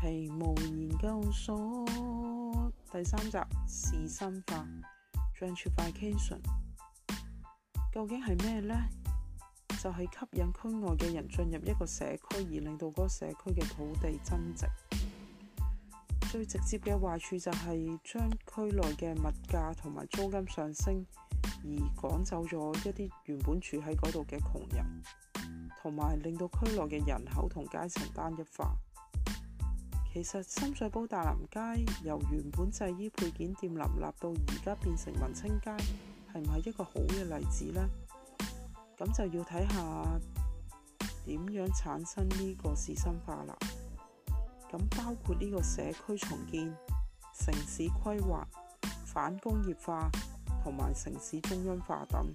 皮毛研究所第三集，仕紳化 （Gentrification） 究竟係咩呢？就係、是、吸引區外嘅人進入一個社區，而令到嗰個社區嘅土地增值。最直接嘅壞處就係將區內嘅物價同埋租金上升，而趕走咗一啲原本住喺嗰度嘅窮人，同埋令到區內嘅人口同階層單一化。其實深水埗大南街由原本製衣配件店林立到而家變成文青街，係唔係一個好嘅例子呢？咁就要睇下點樣產生呢個仕紳化啦。咁包括呢個社區重建、城市規劃、反工業化同埋城市仕紳化等。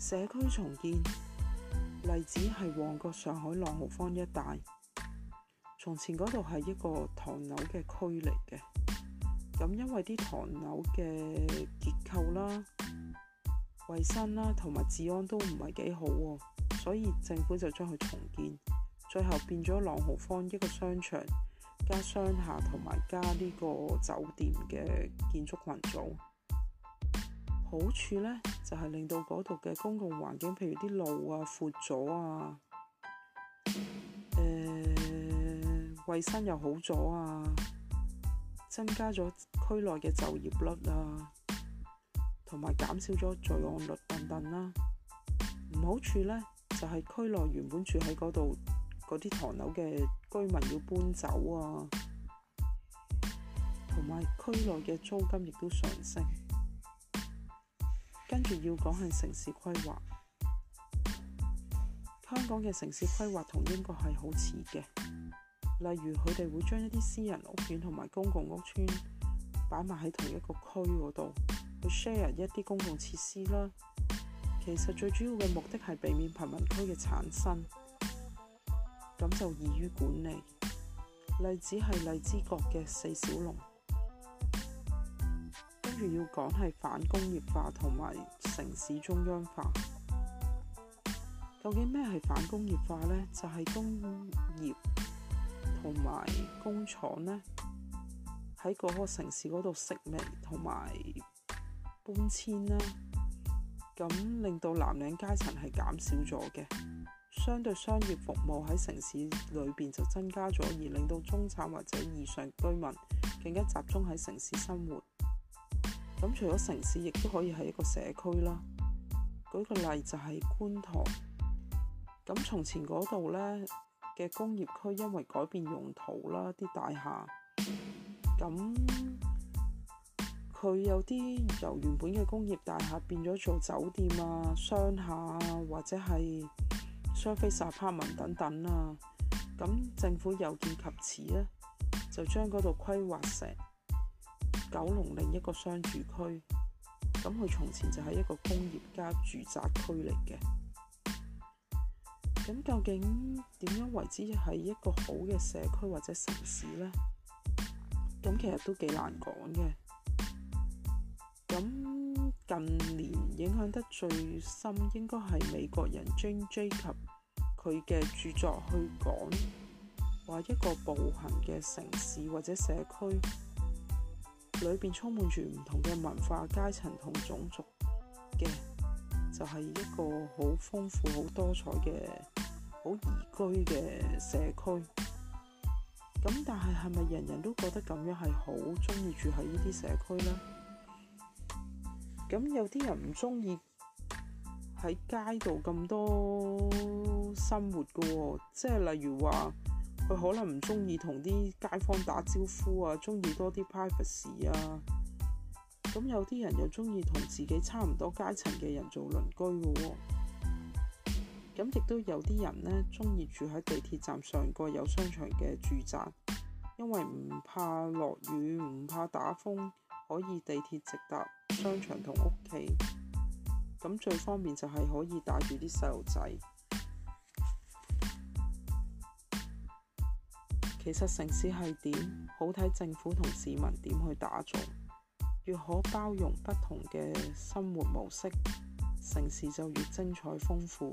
社區重建例子係旺角上海朗豪坊一帶。從前嗰度係一個唐樓嘅區嚟嘅，咁因為啲唐樓嘅結構啦、衛生啦同埋治安都唔係幾好，啊，所以政府就將佢重建，最後變咗朗豪坊一個商場加商廈同埋加呢個酒店嘅建築群組。好處呢，就係令到嗰度嘅公共環境，譬如啲路啊闊咗啊。衛生又好咗啊，增加咗區內嘅就業率啊，同埋減少咗罪案率等等啦啊。唔好處呢，就係區內原本住喺嗰度嗰啲唐樓嘅居民要搬走啊，同埋區內嘅租金亦都上升。跟住要講係城市規劃，香港嘅城市規劃同英國係好似嘅。例如佢哋會將一啲私人屋苑同埋公共屋邨擺埋喺同一個區嗰度，去 share 一啲公共設施啦。其實最主要嘅目的係避免貧民區嘅產生，咁就易於管理。例子係荔枝角嘅四小龍，跟住要講係反工業化同埋城市中央化。究竟咩係反工業化呢？就係、是、工業。同埋工廠呢，喺嗰個城市嗰度息微，同埋搬遷啦，咁令到藍領階層係減少咗嘅。相對商業服務喺城市裏邊就增加咗，而令到中產或者以上居民更加集中喺城市生活。咁除咗城市，亦都可以係一個社區啦。舉個例就係、是、觀塘，咁從前嗰度呢，嘅工業區因為改變用途啦，啲大廈咁佢有啲由原本嘅工業大廈變咗做酒店啊、商廈啊，或者係 service apartment 等等啊，咁政府有見及此呢，就將嗰度規劃成九龍另一個商住區。咁佢從前就係一個工業加住宅區嚟嘅。咁究竟點樣為之係一個好嘅社區或者城市呢？咁其實都幾難講嘅。咁近年影響得最深，應該係美國人 Jane Jacobs 佢嘅著作去講，話一個步行嘅城市或者社區裏面充滿住唔同嘅文化階層同種族嘅，就係、是、一個好豐富、好多彩嘅。好宜居嘅社區，咁但係係咪人人都覺得咁樣係好中意住喺呢啲社區呢？咁有啲人唔中意喺街度咁多生活嘅喎、哦，即係例如話，佢可能唔中意同啲街坊打招呼啊，中意多啲 privacy 啊。咁有啲人又中意同自己差唔多階層嘅人做鄰居嘅喎、哦。咁亦都有啲人呢鍾意住喺地鐵站上過有商場嘅住宅，因為唔怕落雨，唔怕打風，可以地鐵直達商場同屋企。咁最方便就係可以帶住啲細路仔。其實城市係點，好睇政府同市民點去打造。越可包容不同嘅生活模式，城市就越精彩豐富。